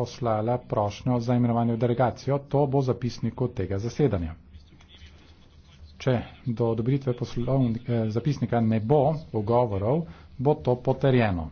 poslala prošnjo za imenovanje v delegacijo, to bo zapisniku tega zasedanja. Če do odobritve eh, zapisnika ne bo ugovorov, bo to potrjeno.